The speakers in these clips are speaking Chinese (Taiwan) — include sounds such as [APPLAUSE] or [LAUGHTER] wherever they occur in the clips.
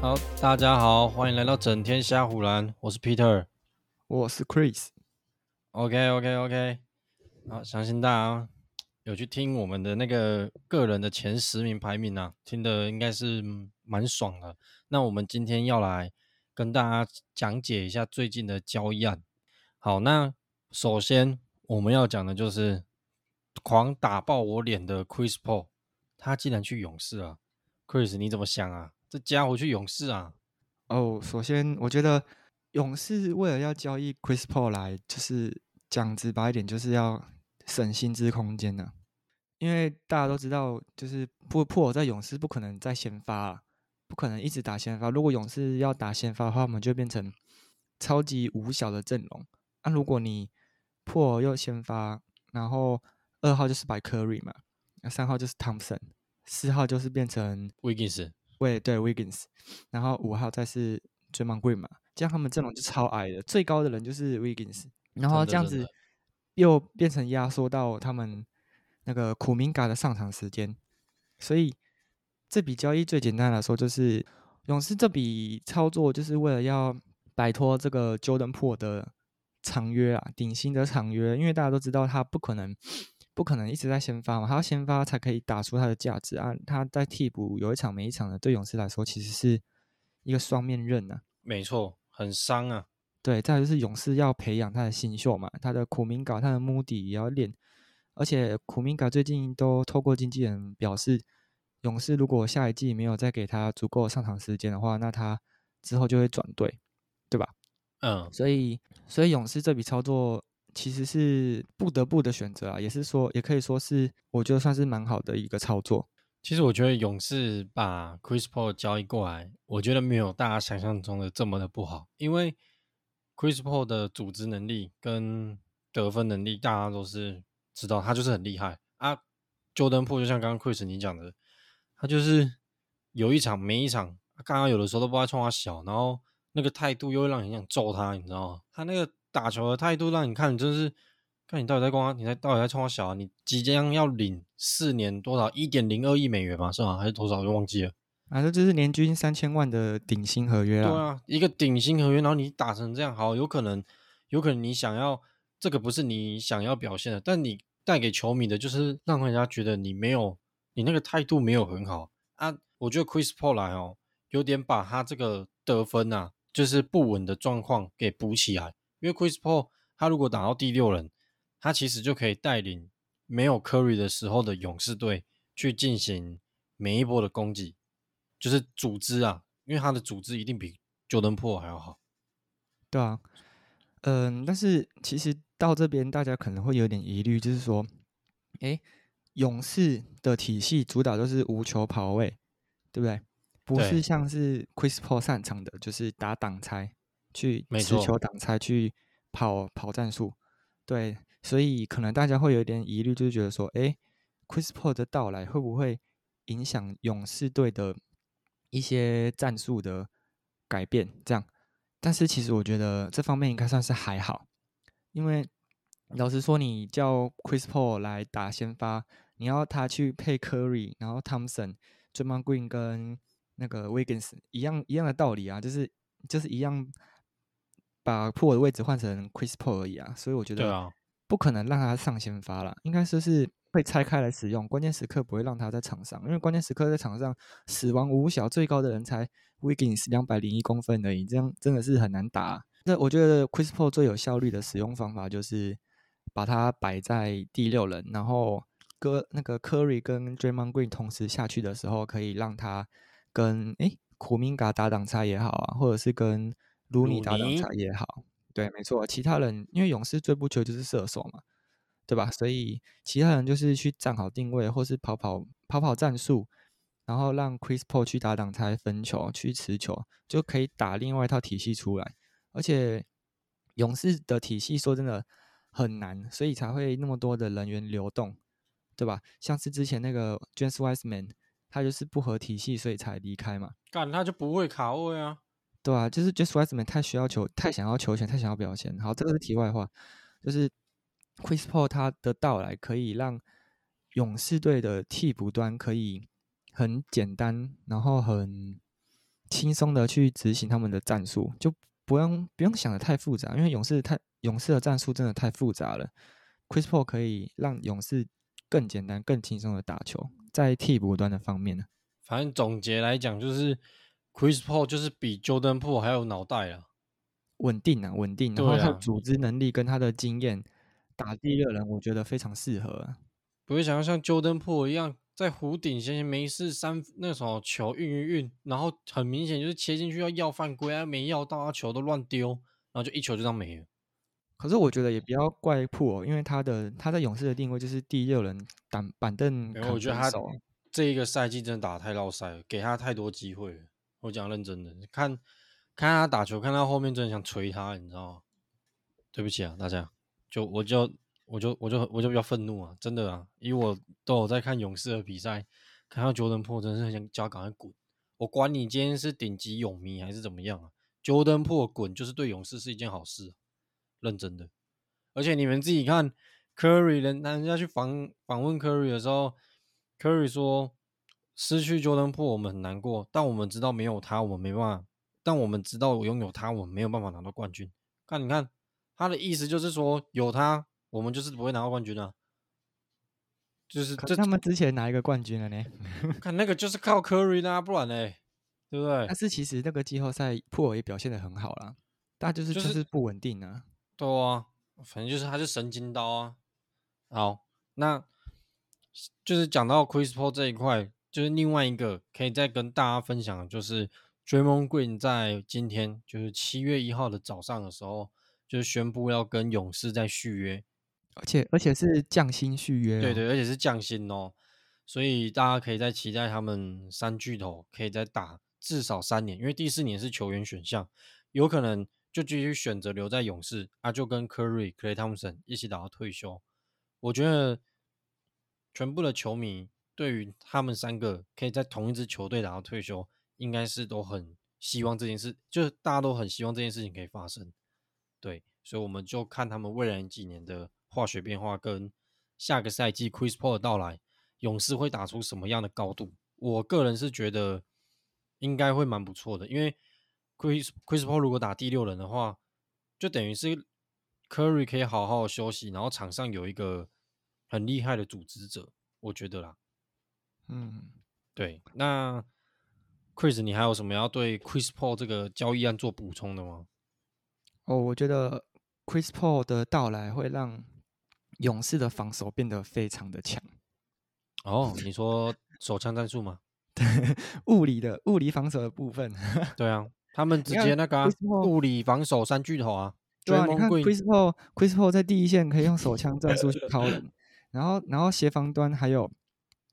好，大家好，歡迎來到整天蝦唬籃。我是 Peter，我是 Chris。OK，OK，OK okay, okay, okay.。好，相信大家、啊、有去聽我們的那個個人的前十名排名啊，聽的應該是蠻爽的。那我們今天要來跟大家講解一下最近的交易案。好，那首先我們要講的就是狂打爆我臉的 Chris Paul 他竟然去勇士了、啊、Chris 你怎麼想啊？這家伙去勇士啊！哦、oh,，首先我覺得勇士為了要交易 Chris Paul 來，就是講直白一點，就是要省薪資空間呢、啊。因為大家都知道，就是不破在勇士不可能再先發了、啊，不可能一直打先發。如果勇士要打先發的話，我們就變成超級五小的陣容。那、啊、如果你破又先發，然後二號就是擺庫裡嘛，那、啊、三號就是 Thompson，四號就是變成威金斯。Wikis 對對，Wiggins，然後五號再是追夢貴嘛，這樣他們陣容就超矮的、嗯，最高的人就是 Wiggins，然後這樣子又變成壓縮到他們那個 Kuminga 的上場時間，所以這筆交易最簡單的說就是勇士這筆操作就是為了要擺脫這個 Jordan Poole 的長約啊，頂薪的長約，因為大家都知道他不可能。不可能一直在先發嘛，他要先發才可以打出他的價值啊。他在替補有一場沒一場的，對勇士來說其實是一個雙面刃呢、啊。沒錯，很傷啊。對，再就是勇士要培養他的新秀嘛，他的庫明加，他的穆迪也要練。而且庫明加最近都透過經紀人表示，勇士如果下一季沒有再給他足夠上場時間的話，那他之後就會轉隊，對吧？嗯。所以，所以勇士這筆操作。其實是不得不的選擇啊，也是說，也可以說是我覺得算是蠻好的一個操作。其實我覺得勇士把 Chris Paul 交易過來，我覺得沒有大家想象中的這麼的不好，因為 Chris Paul 的組織能力跟得分能力，大家都是知道，他就是很厲害啊。Jordan Poole 就像剛剛 Chris 你講的，他就是有一場沒一場，剛剛有的時候都不愛衝他笑，然後那個態度又會讓人想揍他，你知道嗎？他那個。打球的態度讓你看就真是，看你到底在光啊，你在到底在衝我小啊！你即將要領四年多少一點零二億美元吧，是吧、啊？還是多少？我就忘記了。反、啊、正這就是年均三千萬的頂薪合約啊。對啊，一個頂薪合約，然後你打成這樣，好有可能，有可能你想要這個不是你想要表現的，但你帶給球迷的就是讓人家覺得你沒有你那個態度沒有很好啊。我覺得 Chris Paul 來哦，有點把他這個得分啊，就是不穩的狀況給補起來。因為 Chris Paul，他如果打到第六人，他其實就可以帶領沒有 Curry 的時候的勇士隊去進行每一波的攻擊，就是組織啊，因為他的組織一定比 Jordan Poole 還要好。對啊，嗯、呃，但是其實到這邊大家可能會有點疑慮，就是說，哎，勇士的體系主打就是無球跑位，對不對？不是像是 Chris Paul 擅長的，就是打擋拆。去持球擋拆，去跑跑戰術，對，所以可能大家會有一點疑慮，就是覺得說，哎，Chris Paul 的到來會不會影響勇士隊的一些戰術的改變？這樣，但是其實我覺得這方面應該算是還好，因為老實說，你叫 Chris Paul 來打先發，你要他去配 Curry，然後 Thompson、Draymond Green 跟那個 Wiggins 一樣一樣的道理啊，就是就是一樣。把普爾的位置換成 Chris Paul 而已啊，所以我覺得不可能讓他上先發了，啊，應該說是被拆開來使用，關鍵時刻不會讓他在場上，因為關鍵時刻在場上死亡五小最高的人才 Wiggins，你兩百零一公分而已，這樣真的是很難打。那我覺得 Chris Paul 最有效率的使用方法就是把它擺在第六人，然後哥那個 Curry 跟 Draymond Green 同時下去的時候，可以讓他跟哎庫明加打擋拆也好啊，或者是跟盧尼打擋拆也好，對，沒錯。其他人因為勇士最不缺就是射手嘛，對吧？所以其他人就是去站好定位，或是跑跑跑跑戰術，然後讓 Chris Paul 去打擋拆分球，去持球，就可以打另外一套體系出來。而且勇士的體系說真的很難，所以才會那麼多的人員流動，對吧？像是之前那個 James Wiseman，他就是不合體系，所以才離開嘛幹。幹他就不會卡位啊。對啊，就是 Justise t 太需要球，太想要球權，太想要表現。好，這個是題外話。就是 Chris Paul 他的到來可以讓勇士隊的替補端可以很簡單，然後很輕鬆的去執行他們的戰術，就不用不用想得太複雜。因為勇士太勇士的戰術真的太複雜了。Chris Paul 可以讓勇士更簡單、更輕鬆的打球，在替補端的方面呢，反正總結來講就是。Chris Paul 就是比 Jordan Poole 還有腦袋啊，穩定啊，穩定，然後他的組織能力跟他的經驗，打第六人我覺得非常適合，啊。不會想要像 Jordan Poole 一樣在弧頂閒閒沒事三那時候球運一運，然後很明顯就是切進去要要犯規啊，沒要到啊，球都亂丟，然後就一球就這樣沒了。可是我覺得也不要怪 Poole，因為他的他在勇士的定位就是第六人板板凳，欸，我覺得他這一個賽季真的打得太落賽了，給他太多機會了。我講認真的，看，看他打球，看到後面真的想錘他，你知道嗎？對不起啊，大家，就我就我就我就我就比較憤怒啊，真的啊，因為我都有在看勇士的比賽，看到 Jordan Poole，真的是很想叫他趕快滾，我管你今天是頂級勇迷還是怎麼樣啊，Jordan Poole 滾就是對勇士是一件好事，認真的，而且你們自己看，Curry 人人家去訪訪問 Curry 的時候，Curry 說。失去 Jordan Poole 我們很難過，但我們知道沒有他我們沒辦法，但我們知道擁有他我們沒有辦法拿到冠軍。看，你看他的意思就是說，有他我們就是不會拿到冠軍啊。就是就他們之前拿一個冠軍了呢。 [LAUGHS] 看那個就是靠 Curry 啦、啊，不然呢，對不對？但是其實那個季後賽 Poole 也表現的很好啦，但就是、就是、就是不穩定啊。對啊，反正就是他是神經刀啊。好，那就是講到 Chris Paul 這一塊。就是另外一個可以再跟大家分享，就是追 r a m Green 在今天就是七月一號的早上的時候，就宣布要跟勇士在續約而，而且而且是降薪續約哦。對，對對，而且是降薪哦，所以大家可以在期待他們三巨頭可以再打至少三年，因為第四年是球員選項，有可能就繼續選擇留在勇士，啊，就跟 Curry、c l a y Thompson 一起打到退休。我覺得全部的球迷。對於他們三個可以在同一支球隊打到退休，應該是都很希望這件事，就是大家都很希望這件事情可以發生。對，所以我們就看他們未來幾年的化學變化，跟下個賽季 Chris Paul 的到來，勇士會打出什麼樣的高度。我個人是覺得應該會蠻不錯的，因為 Chris Chris Paul 如果打第六人的話，就等於是 Curry 可以好好休息，然後場上有一個很厲害的組織者，我覺得啦。嗯，對，那 Chris，你還有什麼要對 Chris Paul 這個交易案做補充的嗎？哦，我覺得 Chris Paul 的到來會讓勇士的防守變得非常的強。哦，你說手槍戰術嗎？ [LAUGHS] 對，物理的物理防守的部分。 [LAUGHS] 對啊，他們直接那個、啊、Paul，物理防守三巨頭啊。對啊，你看 Chris Paul，Chris [LAUGHS] Paul 在第一線可以用手槍戰術去掏人，然後然後協防端還有。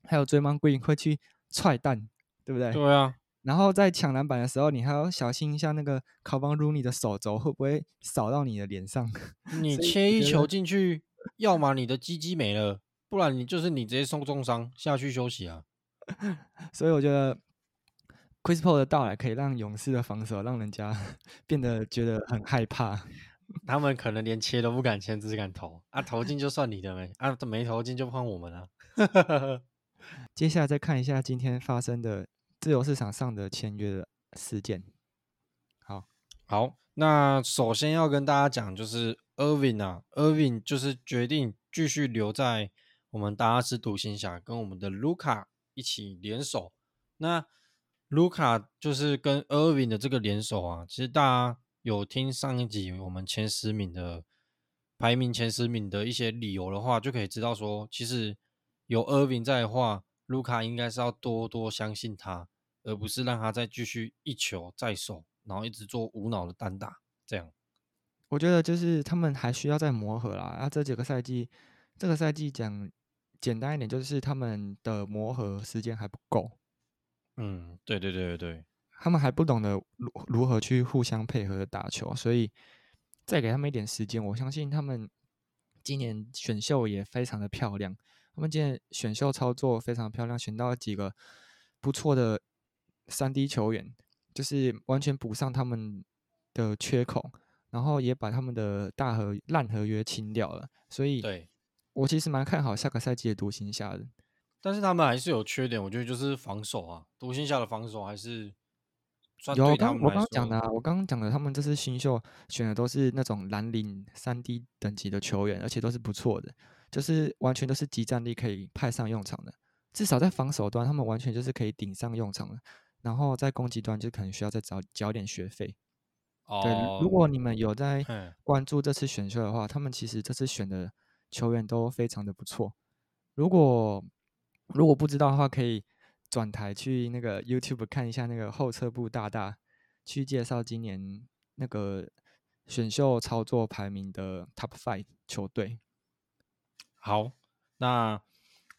還有追夢格林會去踹蛋，對不對？對啊。然後在搶籃板的時候，你還要小心一下那個考房魯尼的手肘會不會掃到你的臉上？你切一球進去， [LAUGHS] 要麼你的雞雞沒了，不然你就是你直接送重傷下去休息啊。所以我覺得 Chris Paul 的到來可以讓勇士的防守讓人家變得覺得很害怕， [LAUGHS] 他們可能連切都不敢切，只是敢投啊，投進就算你的沒 [LAUGHS] 啊，沒投進就換我們啊。 [LAUGHS] 接下來再看一下今天發生的自由市場上的簽約的事件。好，好，那首先要跟大家講，就是 Irving 啊，Irving 就是決定繼續留在我們達拉斯獨行俠，跟我們的盧卡一起聯手。那盧卡就是跟 Irving 的這個聯手啊，其實大家有聽上一集我們前十名的排名前十名的一些理由的話，就可以知道說，其實。有 Irving 在的話，盧卡應該是要多多相信他，而不是讓他再繼續一球在手，然後一直做無腦的單打。這樣，我覺得就是他們還需要再磨合啦。啊，這幾個賽季，這個賽季講簡單一點，就是他們的磨合時間還不夠。嗯，對對對對對，他們還不懂得如如何去互相配合打球，所以再給他們一點時間，我相信他們今年選秀也非常的漂亮。他們今天選秀操作非常漂亮，選到了幾個不錯的三 D 球員，就是完全補上他們的缺口，然後也把他們的大合爛合約清掉了。所以，對。我其實蠻看好下個賽季的獨行俠的，但是他們還是有缺點，我覺得就是防守啊，獨行俠的防守還是有，我剛剛講的啊。我剛剛講的，我剛剛講的，他們這次新秀選的都是那種藍領三 D 等級的球員，而且都是不錯的。就是完全都是即戰力可以派上用場的，至少在防守端，他們完全就是可以頂上用場的。然後在攻擊端，就可能需要再找交點學費。哦。對，oh, 如果你們有在關注這次選秀的話，他們其實這次選的球員都非常的不錯。如果如果不知道的話，可以轉台去那個 YouTube 看一下那個後撤步大大去介紹今年那個選秀操作排名的 Top Five 球隊。好，那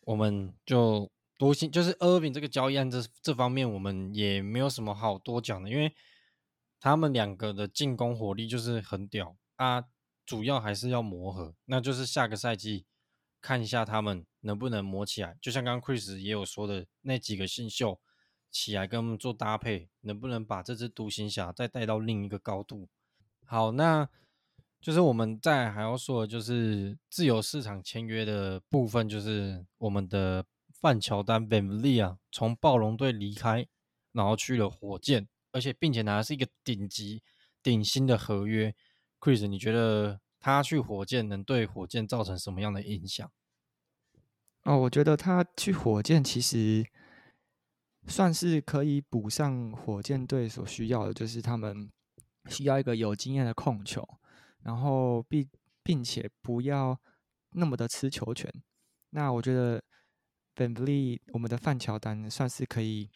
我們就獨行，就是 Irving 這個交易案這這方面，我們也沒有什麼好多講的，因為他們兩個的進攻火力就是很屌啊，主要還是要磨合，那就是下個賽季看一下他們能不能磨起來。就像剛 Chris 也有說的，那幾個新秀起來跟我們做搭配，能不能把這隻獨行俠再帶到另一個高度？好，那。就是我們在還要說的就是自由市場簽約的部分，就是我們的范喬丹 Vanvleet 從暴龍隊離開，然後去了火箭，而且並且拿的是一個頂級頂薪的合約。Chris，你覺得他去火箭能對火箭造成什麼樣的影響？哦，我覺得他去火箭其實算是可以補上火箭隊所需要的，就是他們需要一個有經驗的控球。然後並並且不要那麼的持球權，那我覺得本弗利我們的范喬丹算是可以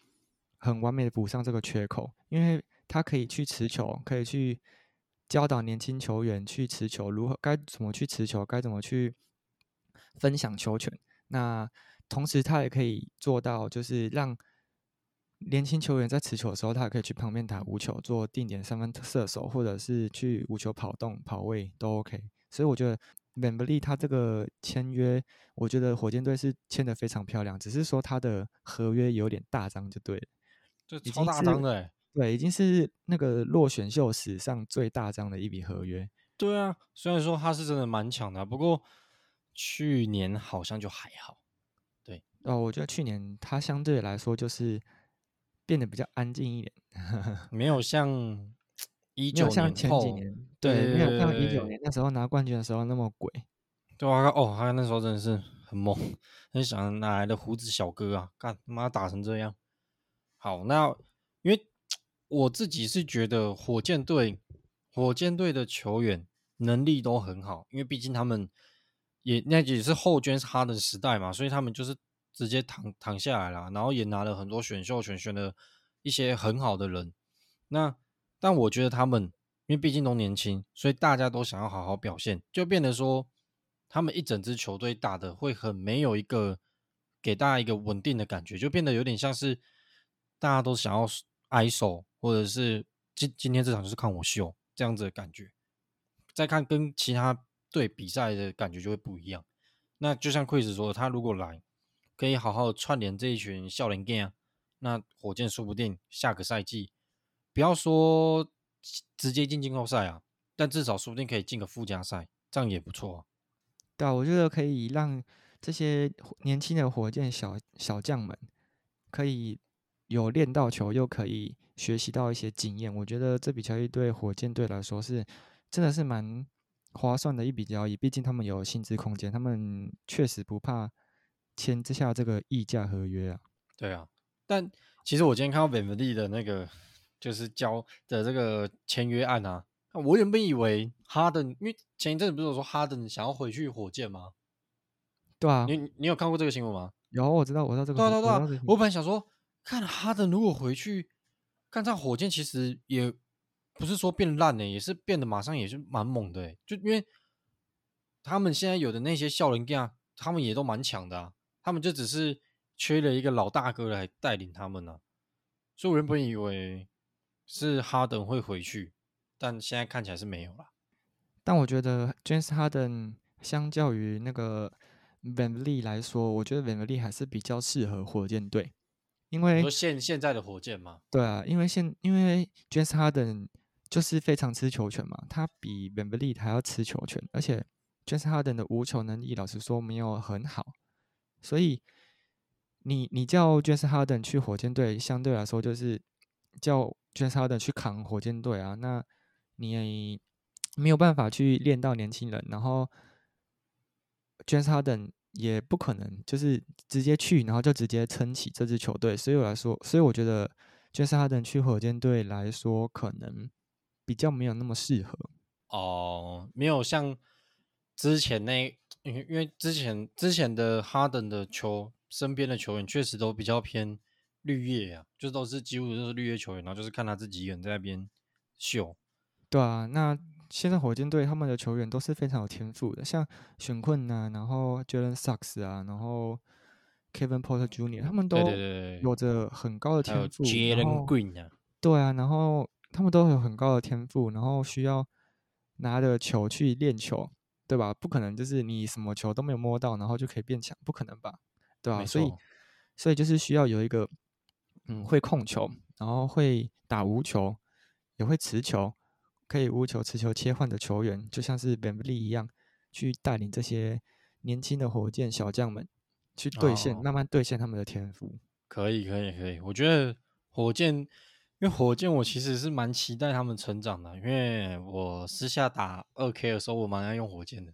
很完美的補上這個缺口，因為他可以去持球，可以去教導年輕球員去持球如何該怎麼去持球，該怎麼去分享球權。那同時他也可以做到就是讓。年輕球員在持球的時候，他也可以去旁邊打無球，做定點三分射手，或者是去無球跑動、跑位都 OK。所以我覺得 VanVleet 他這個簽約，我覺得火箭隊是簽的非常漂亮，只是說他的合約有點大張就對了。就超大張的。欸，對，已經是那個落選秀史上最大張的一筆合約。對啊，雖然說他是真的蠻強的，不過去年好像就還好。對，哦，我覺得去年他相對來說就是。變得比較安靜一點， [LAUGHS] 沒有像一九像前幾年，對，對沒有像一九年那時候拿冠軍的時候那麼鬼。對啊，我看哦，我看那時候真的是很猛， [LAUGHS] 很想哪來的鬍子小哥啊？看他媽打成這樣。好，那因為我自己是覺得火箭隊，火箭隊的球員能力都很好，因為畢竟他們也那也是後 James Harden 的時代嘛，所以他們就是。直接躺躺下來了，然後也拿了很多選秀權，選了一些很好的人。那但我覺得他們，因為畢竟都年輕，所以大家都想要好好表現，就變得說他們一整支球隊打的會很沒有一個給大家一個穩定的感覺，就變得有點像是大家都想要 ISO，或者是今今天這場就是看我秀這樣子的感覺。再看跟其他隊比賽的感覺就會不一樣。那就像 Chris 說的，他如果來。可以好好串聯這一群少年 Gang 啊，那火箭說不定下個賽季不要說直接進季後賽啊，但至少說不定可以進個附加賽，這樣也不錯啊。對啊，我覺得可以讓這些年輕的火箭小小將們可以有練到球，又可以學習到一些經驗。我覺得這筆交易對火箭隊來說是真的是蠻划算的一筆交易，畢竟他們有薪資空間，他們確實不怕。簽這下這個議價合約啊，對啊，但其實我今天看到 VanVleet 的那個就是交的這個簽約案啊，我原本以為哈登，因為前一陣子不是有說哈登想要回去火箭嗎？對啊，你你有看過這個新聞嗎？有，我知道，我知道這個。對、啊、對對、啊，我本來想說，看哈登如果回去，看這火箭其實也不是說變爛呢、欸，也是變得馬上也是蠻猛的、欸，就因為他們現在有的那些年輕人，他們也都蠻強的、啊他們就只是缺了一個老大哥來帶領他們呢、啊。所以我原本以為是哈登會回去，但現在看起來是沒有了、啊。但我覺得 James Harden 相較於那個 Vanvleet 來說，我覺得 Vanvleet 還是比較適合火箭隊，因為現現在的火箭嘛。對啊，因為現因為 James Harden 就是非常吃球權嘛，他比 Vanvleet 還要吃球權，而且 James Harden 的無球能力，老實說沒有很好。所以你，你你叫 James Harden 去火箭隊，相對來說就是叫 James Harden 去扛火箭隊啊。那你沒有辦法去練到年輕人，然後 James Harden 也不可能就是直接去，然後就直接撐起這支球隊。所以我來說，所以我覺得 James Harden 去火箭隊來說，可能比較沒有那麼適合哦，沒有像之前那。因因為之前之前，的哈登的球身邊的球員確實都比較偏綠葉呀、啊，就都是幾乎都是綠葉球員，然後就是看他自己一個人在那邊秀。對啊，那現在火箭隊他們的球員都是非常有天賦的，像選困吶，然後傑倫薩克斯啊，然後 Kevin Porter Junior 他們都有着很高的天賦。杰倫 Green 啊，對啊，然後他們都有很高的天賦，然後需要拿着球去練球。對吧？不可能，就是你什麼球都沒有摸到，然後就可以變強，不可能吧？對啊，所以，所以就是需要有一個，嗯，會控球、嗯，然後會打無球，也會持球，可以無球持球切換的球員，就像是本布利一樣，去帶領這些年輕的火箭小將們去兌現、哦，慢慢兌現他們的天賦。可以，可以，可以。我覺得火箭。因為火箭，我其實是蠻期待他們成長的、啊。因為我私下打二 k 的時候，我蠻愛用火箭的。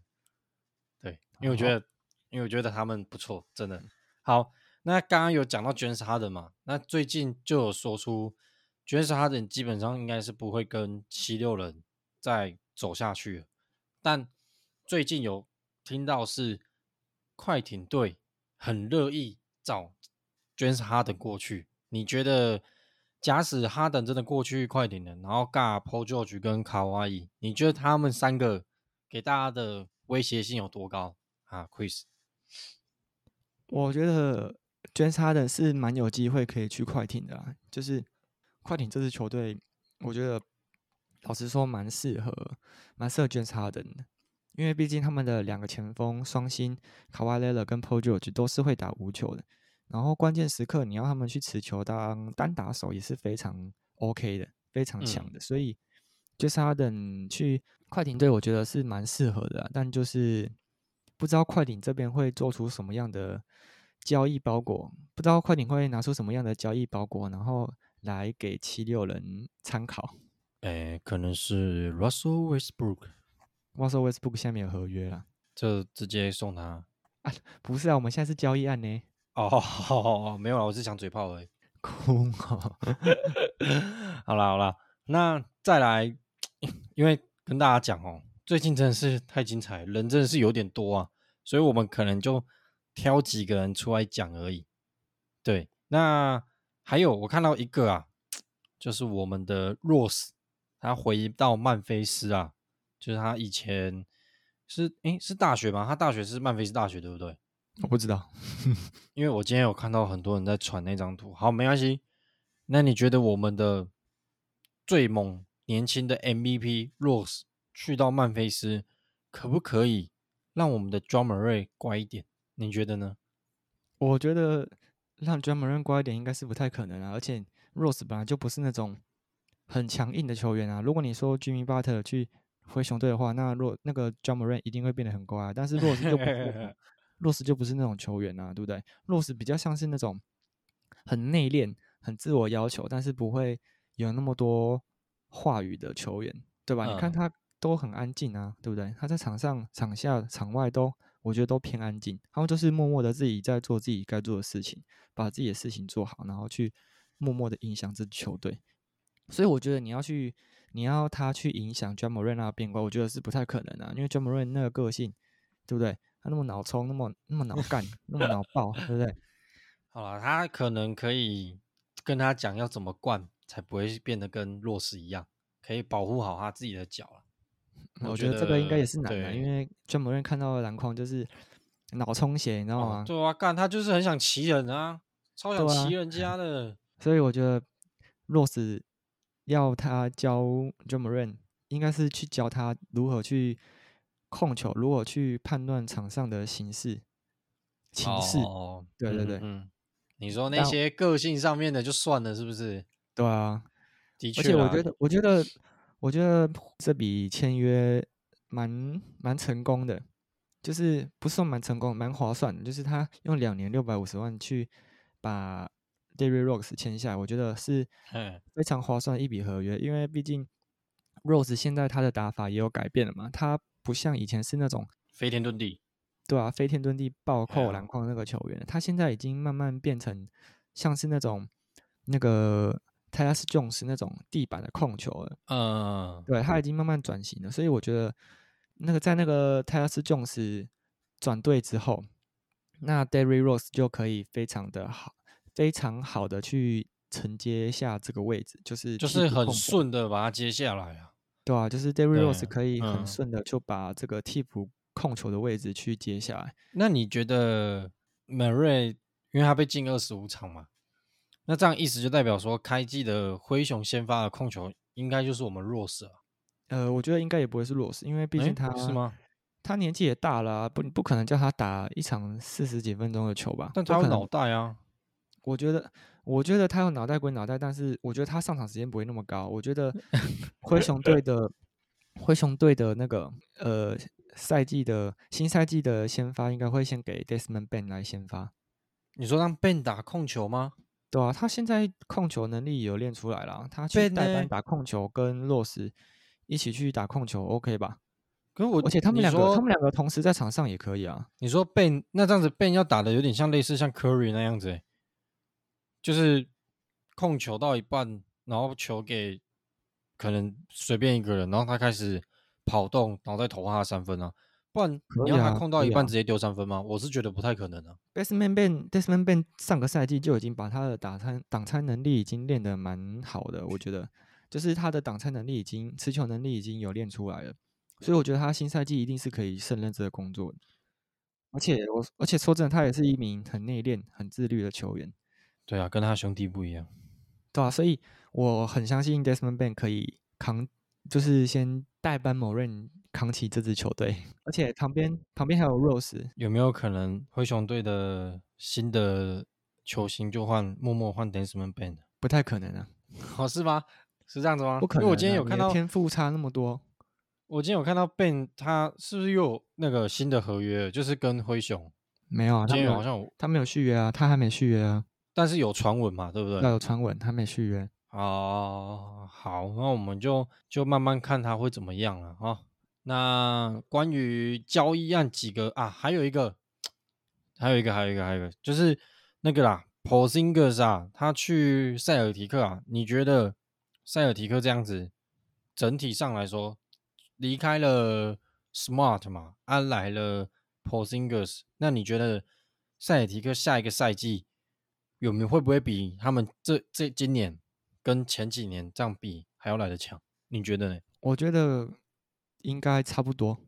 對，因為我覺得，哦、因為我覺得他們不錯，真的。好，那剛剛有講到 James Harden 嘛？那最近就有說出 James Harden 基本上應該是不會跟七六人再走下去了。但最近有聽到是快艇隊很樂意找 James Harden 過去，你覺得？假使哈登真的過去快艇了，然後，尬，Paul George 跟卡哇伊，你覺得他們三個給大家的威脅性有多高啊？Chris，我覺得 James Harden 是蠻有機會可以去快艇的啦，就是快艇這支球隊，我覺得老實說蠻適合蠻適合 James Harden 的，因為畢竟他們的兩個前鋒雙星 Kawhi Leonard 跟 Paul George 都是會打無球的。然後關鍵時刻你要他們去持球當單打手也是非常 OK 的，非常強的。嗯、所以 James Harden 去快艇隊，我覺得是蠻適合的，啊。但就是不知道快艇這邊會做出什麼樣的交易包裹，不知道快艇會拿出什麼樣的交易包裹，然後來給七六人參考。誒，可能是 Russell Westbrook，Russell Westbrook 下面有合約了，就直接送他啊？不是啊，我們現在是交易案呢。哦、喔，好，好，好，沒有啦，我是想嘴炮而已。空啊，好了，好了，那再來，因為跟大家講哦，最近真的是太精彩，人真的是有點多啊，所以我們可能就挑幾個人出來講而已。對，那還有我看到一個啊，就是我們的 Rose，他回到曼菲斯啊，就是他以前是誒，是大學嗎？他大學是曼菲斯大學，對不對？.我不知道， [LAUGHS] 因為我今天有看到很多人在傳那張圖。好，沒關係。那你覺得我們的最猛年輕的 MVP ROSS 去到曼菲斯，可不可以讓我們的 j r u m m r a y 乖一點？你覺得呢？我覺得讓 j r u m m r a y 乖一點應該是不太可能啊。而且 s 斯本來就不是那種很強硬的球員啊。如果你說 Jimmy Butler 去灰熊隊的話，那若那個 j r u m m r a y 一定會變得很乖。但是 s 斯就不。 [LAUGHS] Rose 就不是那種球員啊，對不對？Rose 比較像是那種很內斂、很自我要求，但是不會有那麼多話語的球員，對吧、嗯？你看他都很安靜啊，對不對？他在場上、場下、場外都，我覺得都偏安靜。他們就是默默的自己在做自己該做的事情，把自己的事情做好，然後去默默的影響這支球隊。所以我覺得你要去，你要他去影響 Ja Morant 那邊，我覺得是不太可能啊，因為 Ja Morant 那個個性，對不對？他那麼腦抽，那麼那麼腦幹，那麼腦爆， [LAUGHS] 對不對？好了，他可能可以跟他講要怎麼灌，才不會變得跟羅斯一樣，可以保護好他自己的腳、啊嗯、我，覺我覺得這個應該也是難的，因為 Ja Morant 看到的籃筐就是腦充血，你知道嗎？哦、對啊，幹他就是很想騎人啊，超想騎人家的。啊、所以我覺得羅斯要他教 Ja Morant，應該是去教他如何去。控球，如果去判斷場上的形勢，情勢，oh, 對對對，嗯，嗯，你說那些個性上面的就算了，是不是？對啊，的確、啊。而且我覺得，我覺得，我覺得這筆簽約蠻蠻，蠻成功的，就是不算蠻成功，蠻划算的，就是他用兩年六百五十萬去把 Derrick Rose 簽下來，我覺得是非常划算一筆合約，嗯，因為畢竟 Rose 現在他的打法也有改變了嘛，他。不像以前是那種飛天遁地，對啊，飛天遁地爆扣籃筐那個球員，他、嗯、現在已經慢慢變成像是那種那個 Tyus Jones 那種地板的控球了。嗯，對他已經慢慢轉型了。嗯、所以我覺得那個在那個 Tyus Jones 轉隊之後，那 Derrick Rose 就可以非常的好、非常好的去承接下這個位置，就是球球就是很順的把它接下來啊。對啊，就是 David Rose 可以很順的就把這個替補控球的位置去接下來。嗯、那你覺得 Morant，因為他被禁二十五場嘛，那這樣意思就代表說，開季的灰熊先發的控球應該就是我們 Rose 啊？呃，我覺得應該也不會是 Rose，因為畢竟他、欸、是嗎？他年紀也大了，不不可能叫他打一場四十幾分鐘的球吧？但他有腦袋啊！我覺得。我覺得他有腦袋歸腦袋，但是我覺得他上場時間不會那麼高。我覺得灰熊隊的 [LAUGHS] 對灰熊隊的那個呃賽季的新賽季的先發應該會先給 Desmond Ben 來先發。你說讓 Ben 打控球嗎？對啊，他現在控球能力有練出來啦，他去帶班打控球，跟 Rose 一起去打控球，OK 吧？可是我而且他們兩個他們兩個同時在場上也可以啊。你說 Ben 那這樣子 Ben 要打得有點像類似像 Curry 那樣子，欸就是控球到一半，然後球給可能隨便一個人，然後他開始跑動，然後再投他三分啊。不然你要他控到一半直接丟三分嗎，嗯啊啊？我是覺得不太可能啊。Desmond Bane, Desmond Bane 上個賽季就已經把他的擋拆擋拆能力已經練得蠻好的，我覺得就是他的擋拆能力已經持球能力已經有練出來了，所以我覺得他新賽季一定是可以勝任這個工作的。而且我而且說真的，他也是一名很內斂、很自律的球員。對啊，跟他兄弟不一樣，對啊，所以我很相信 Desmond Bane 可以扛，就是先代班某人扛起這支球隊，而且旁邊旁邊還有 Rose，有沒有可能灰熊隊的新的球星就換默默換 Desmond Bane？不太可能啊，哦，是嗎？是這樣子嗎？不可能啊，因為我今天有看到天賦差那麼多，我今天有看到 Bane 他是不是又有那個新的合約？就是跟灰熊？沒有啊，今天好像他沒有續約啊，他還沒續約啊。但是有傳聞嘛，對不對？那有傳聞，他沒續約哦。好，那我們就就慢慢看他會怎麼樣了啊、哦。那關於交易案幾個啊還個，還有一個，還有一個，還有一個，還有一個，就是那個啦，Porzingis 啊，他去塞爾提克啊。你覺得塞爾提克這樣子整體上來說，離開了 Smart 嘛，安、啊、來了 Porzingis，那你覺得塞爾提克下一個賽季？有沒有？會不會比他們這這今年跟前幾年這樣比還要來得強？你覺得呢？我覺得應該差不多，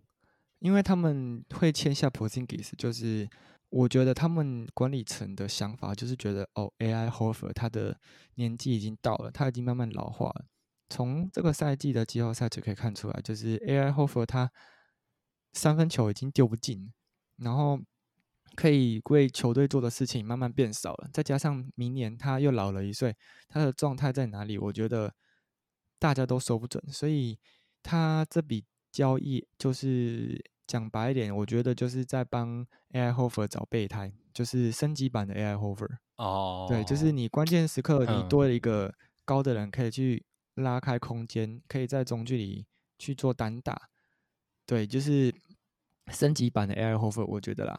因為他們會簽下 Porzingis，就是我覺得他們管理層的想法就是覺得哦，Al Horford 他的年紀已經到了，他已經慢慢老化了。從這個賽季的季後賽就可以看出來，就是 Al Horford 他三分球已經丟不進，然後。可以為球隊做的事情慢慢變少了，再加上明年他又老了一歲，他的狀態在哪裡？我覺得大家都說不準。所以他這筆交易，就是講白一點，我覺得就是在幫 Al Horford 找備胎，就是升級版的 Al Horford 哦、oh。對，就是你關鍵時刻你多了一個高的人，可以去拉開空間，嗯，可以在中距離去做單打。對，就是升級版的 Al Horford，我覺得啦。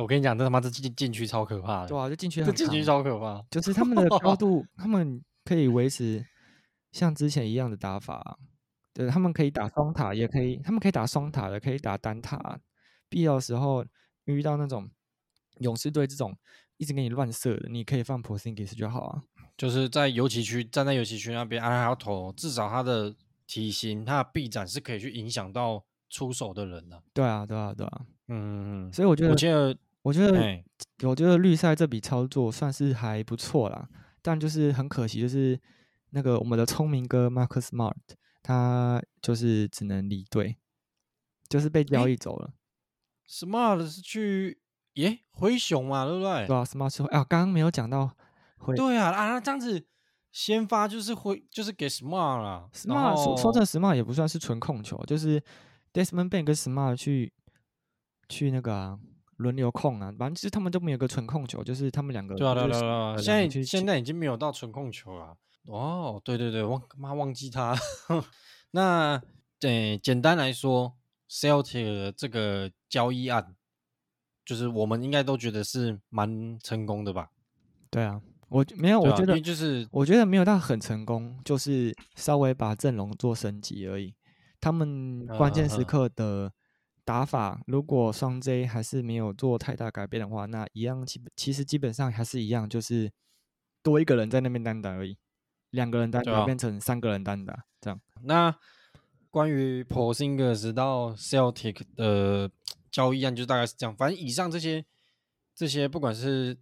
我跟你講，這他媽這進禁區超可怕的。對啊，就禁區這禁區超可怕，就是他們的高度， [LAUGHS] 他們可以維持像之前一樣的打法。對，他們可以打雙塔，也可以，他們可以打雙塔的，可以打單塔。必要時候，遇到那種勇士隊這種一直給你亂射的，你可以放普 o 給 i 就好啊。就是在遊戲區，站在遊戲區那邊，按還要投，至少他的體型、他的臂展是可以去影響到出手的人的、啊。對啊，對啊，對啊。嗯嗯嗯。所以我覺得，我覺得。我覺得，我覺得綠賽這筆操作算是還不錯啦，但就是很可惜，就是那個我們的聰明哥 Marcus Smart 他就是只能離隊，就是被交易走了。Smart、欸、是去耶灰、欸、熊嘛、啊，對不對？對啊，Smart 說，啊，剛剛沒有講到灰。對啊，啊，那這樣子先發就是灰，就是給 Smart 了。Smart 說說這 Smart 也不算是純控球，就是 Desmond Bane 跟 Smart 去去那個、啊。輪流控啊，反正是他們都沒有個純控球，就是他們兩個，就是對啊。對啊，對啊，現在現在已經沒有到純控球了。哦，oh，對對對，忘媽忘記他。 [LAUGHS] 那對，簡單來說，Celtic 的這個交易案，就是我們應該都覺得是蠻成功的吧？對啊，我沒有，啊，我覺得就是我覺得沒有到很成功，就是稍微把陣容做升級而已。他們關鍵時刻的嗯嗯打法如果雙 J 還是沒有做太大改變的話，那一樣其其實基本上還是一樣，就是多一個人在那邊單打而已，兩個人單打、哦、變成三個人單打這樣。那關於 Porzingis 到 Celtic 的交易案，就大概是這樣。反正以上這些這些，不管是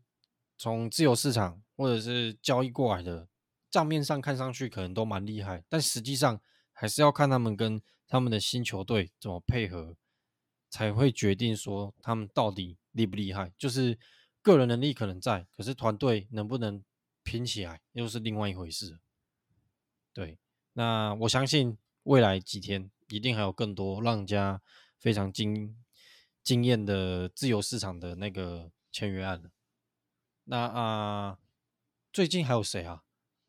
從自由市場或者是交易過來的，賬面上看上去可能都蠻厲害，但實際上還是要看他們跟他們的新球隊怎麼配合。才會決定說他們到底厲不厲害，就是個人能力可能在，可是團隊能不能拼起來又是另外一回事。對，那我相信未來幾天一定還有更多讓人家非常驚驚豔的自由市場的那個簽約案了。那啊，最近還有誰啊？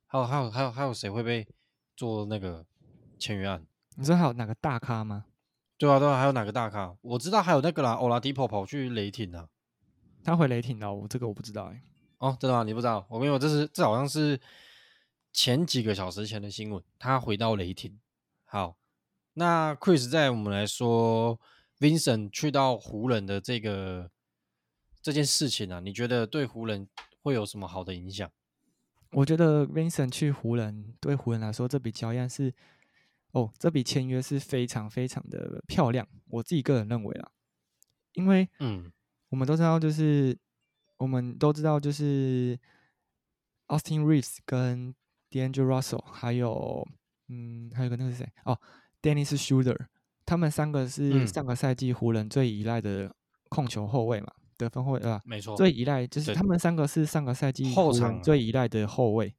還有還有還有還有誰會被做那個簽約案？你知道還有哪個大咖嗎？對啊，對啊，還有哪個大咖？我知道還有那個啦，歐拉迪波跑去雷霆了，他回雷霆了，我這個我不知道哎。哦，真的嗎？你不知道？我沒有，這是這好像是前幾個小時前的新聞，他回到雷霆。好，那 Chris 在我們來說，Vincent 去到湖人的這個這件事情啊，你覺得對湖人會有什麼好的影響？我覺得 Vincent 去湖人對湖人來說這筆交易案是。哦，這筆簽約是非常非常的漂亮，我自己個人認為啊，因為我們都知道、就是、嗯，我們都知道，就是我們都知道，就是 Austin Reeves 跟 D'Angelo Russell，還有嗯，還有個那個誰哦，Dennis Schroeder，他們三個是上個賽季湖人最依賴的控球後衛嘛，嗯、得分後衛對吧、啊？沒錯，最依賴就是他們三個是上個賽季後場最依賴的後衛，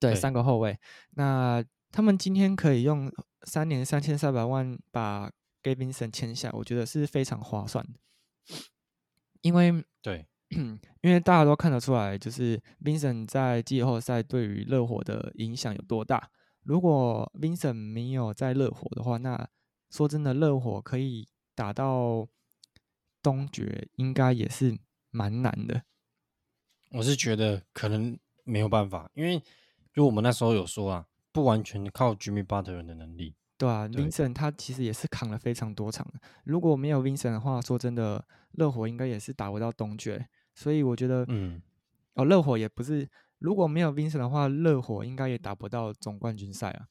對，對三個後衛，那。他們今天可以用三年三千三百萬把 Vincent 簽下，我覺得是非常划算的，因為對， [COUGHS] 因為大家都看得出來，就是 Vincent 在季後賽對於熱火的影響有多大。如果 Vincent 沒有在熱火的話，那說真的，熱火可以打到東決，應該也是蠻難的。我是覺得可能沒有辦法，因為就我們那時候有說啊。不完全靠吉米·巴特勒的能力，對啊，Vincent 他其實也是扛了非常多場的。如果沒有 Vincent 的話，說真的，熱火應該也是打不到東決。所以我覺得，嗯，哦，熱火也不是，如果沒有 Vincent 的話，熱火應該也打不到總冠軍賽啊。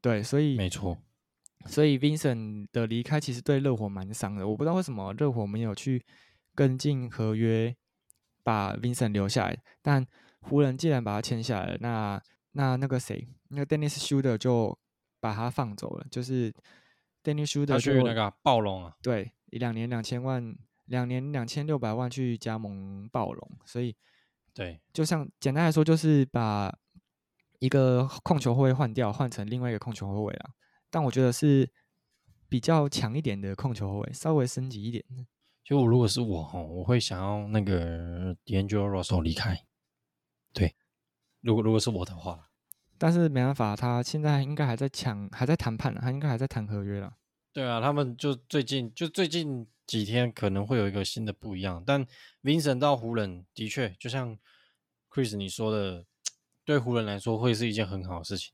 對，所以沒錯，所以 Vincent 的離開其實對熱火蠻傷的。我不知道為什麼熱火沒有去跟進合約，把 Vincent 留下來。但湖人既然把他簽下來了，那那那個誰？那 Dennis Schröder 就把他放走了，就是 Dennis Schröder 去那個暴龍啊，對，一兩年兩千萬，兩年兩千六百萬去加盟暴龍，所以對，就像簡單來說，就是把一個控球後衛換掉，換成另外一個控球後衛啊。但我覺得是比較強一點的控球後衛，稍微升級一點。就如果是我哦，我會想要那個 D'Angelo Russell 離開，對，如果如果是我的話。但是沒辦法，他現在應該還在搶，還在談判，他應該還在談合約了。對啊，他們就最近就最近幾天可能會有一個新的不一樣。但 Vincent 到湖人的確，就像 Chris 你說的，對湖人來說會是一件很好的事情，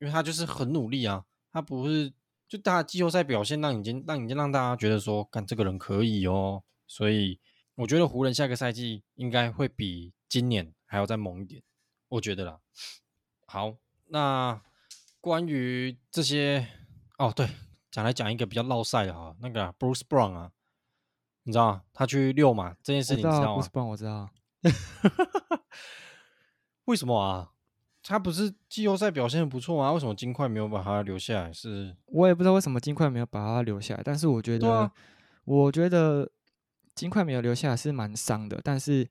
因為他就是很努力啊，他不是就他季後賽表現讓，讓已經讓已經讓大家覺得說，看這個人可以哦。所以我覺得湖人下個賽季應該會比今年還要再猛一點，我覺得啦。好，那關於這些哦，對，講來講一個比較落賽的哈，那個、啊、Bruce Brown 啊，你知道嗎他去遛嘛？這件事情你知道嗎，知道？Bruce Brown 我知道。 [LAUGHS] 為什麼啊？他不是季後賽表現不錯啊？為什麼金塊沒有把他留下來？是我也不知道為什麼金塊沒有把他留下來，但是我覺得，啊、我覺得金塊沒有留下來是蠻傷的，但是。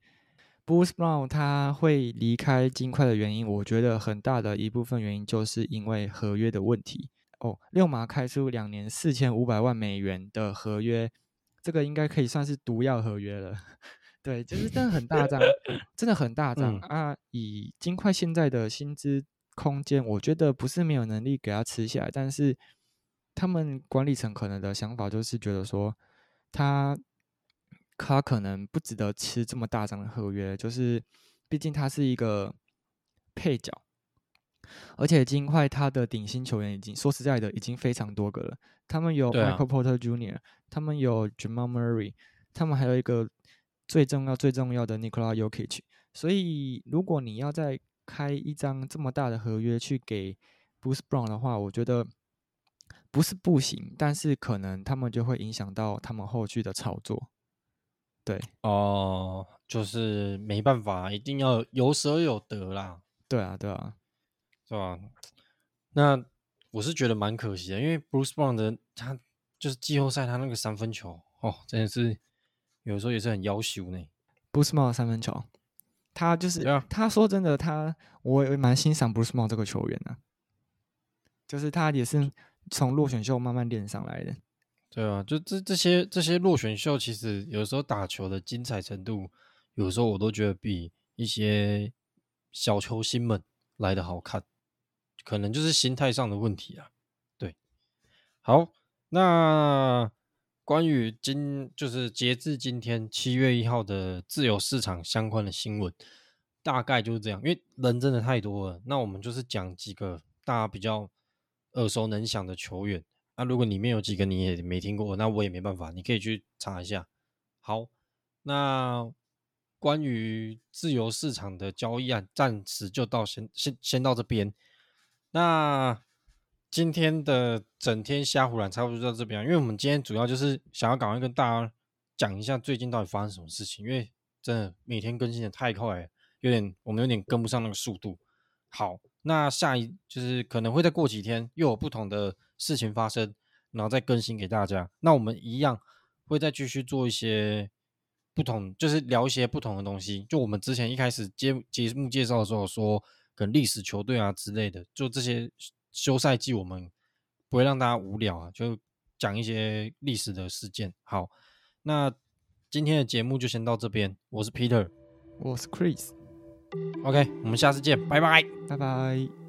Bruce Brown，他會離開金塊的原因，我覺得很大的一部分原因就是因為合約的問題哦。溜馬開出兩年四千五百萬美元的合約，這個應該可以算是毒藥合約了。對，就是真的很大張、 [LAUGHS] 嗯，真的很大張、嗯、啊！以金塊現在的薪資空間，我覺得不是沒有能力給他吃下來，但是他們管理層可能的想法就是覺得說他。他可能不值得吃這麼大張的合約，就是畢竟他是一個配角，而且金塊他的頂薪球員已經說實在的已經非常多個了。他們有 Michael Porter Jr.，他們有 Jamal Murray，他們還有一個最重要最重要的 Nikola Jokic，所以如果你要再開一張這麼大的合約去給 Bruce Brown 的話，我覺得不是不行，但是可能他們就會影響到他們後續的操作。對哦、呃，就是沒辦法，一定要有捨有得啦。對啊，對啊，是吧？那我是覺得蠻可惜的，因為 Bruce Brown 的他就是季後賽他那個三分球哦，真的是有的時候也是很夭壽呢。Bruce Brown 的三分球，他就是他說真的，他我也蠻欣賞 Bruce Brown 這個球員的、啊，就是他也是從落選秀慢慢練上來的。對啊，就這這些這些落選秀，其實有時候打球的精彩程度，有時候我都覺得比一些小球星們來得好看，可能就是心態上的問題啊。對，好，那關於今就是截至今天七月一號的自由市場相關的新聞，大概就是這樣，因為人真的太多了，那我們就是講幾個大家比較耳熟能詳的球員。那、啊、如果裡面有幾個你也沒聽過，那我也沒辦法，你可以去查一下。好，那關於自由市場的交易啊，暫時就到先先先到這邊。那今天的整天蝦唬籃，差不多就到這邊，因為我們今天主要就是想要趕快跟大家講一下最近到底發生什麼事情，因為真的每天更新的太快，有點我們有點跟不上那個速度。好。那下一就是可能會再過幾天又有不同的事情發生，然後再更新給大家。那我們一樣會再繼續做一些不同，就是聊一些不同的東西。就我們之前一開始節節目介紹的時候說，跟歷史球隊啊之類的，就這些休賽季我們不會讓大家無聊啊，就講一些歷史的事件。好，那今天的節目就先到這邊。我是 Peter，我是 Chris。OK，我們下次見，拜拜，拜拜。